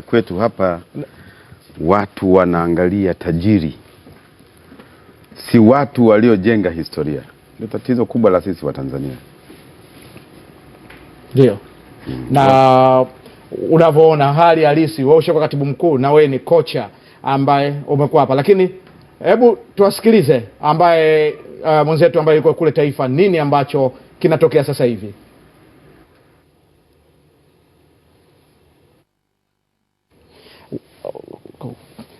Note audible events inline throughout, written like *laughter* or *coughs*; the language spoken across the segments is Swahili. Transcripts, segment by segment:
Kwetu hapa watu wanaangalia tajiri, si watu waliojenga historia. Ndio tatizo kubwa la sisi wa tanzania Ndio mm. na unavyoona hali halisi, wewe ushakuwa katibu mkuu na wewe ni kocha ambaye umekuwa hapa, lakini hebu tuwasikilize ambaye uh, mwenzetu ambaye yuko kule Taifa, nini ambacho kinatokea sasa hivi?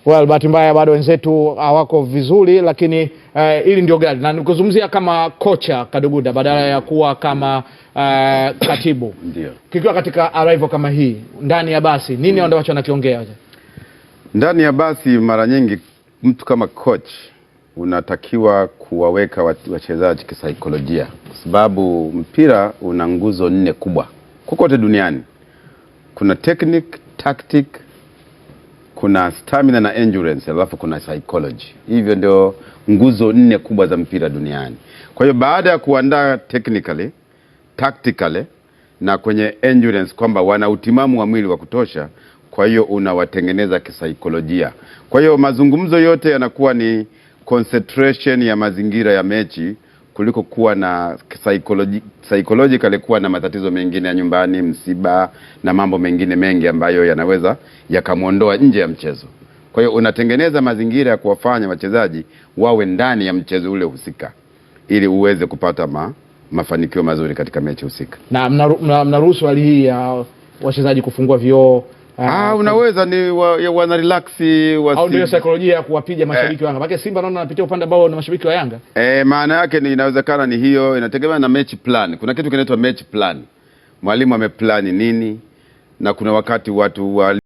Well, bahati mbaya bado wenzetu hawako vizuri, lakini eh, hili ili ndio gari na nikuzungumzia kama kocha Kaduguda badala ya kuwa kama uh, katibu *coughs* kikiwa katika arrival kama hii ndani ya basi nini mm. ambacho anakiongea ndani ya basi, mara nyingi mtu kama coach unatakiwa kuwaweka wachezaji kisaikolojia, kwa sababu mpira una nguzo nne kubwa kokote duniani. Kuna technique, tactic, kuna stamina na endurance, alafu kuna psychology. Hivyo ndio nguzo nne kubwa za mpira duniani. Kwa hiyo baada ya kuandaa technically, tactically na kwenye endurance kwamba wana utimamu wa mwili wa kutosha, kwa hiyo unawatengeneza kisaikolojia. Kwa hiyo mazungumzo yote yanakuwa ni concentration ya mazingira ya mechi kuliko kuwa na psychologi, kuwa na matatizo mengine ya nyumbani, msiba na mambo mengine mengi ambayo yanaweza yakamwondoa nje ya mchezo. Kwa hiyo unatengeneza mazingira ya kuwafanya wachezaji wawe ndani ya mchezo ule husika ili uweze kupata ma, mafanikio mazuri katika mechi husika. Na mnaruhusu mna, mna hali hii ya uh, wachezaji kufungua vioo Ah, ah unaweza ni wana relax wa au ndio saikolojia ya kuwapiga mashabiki eh, wa Yanga. Maana Simba naona anapitia upande ambao na mashabiki wa Yanga. Eh, maana yake ni inawezekana ni hiyo, inategemea na match plan. Kuna kitu kinaitwa match plan. Mwalimu ameplan nini na kuna wakati watu wa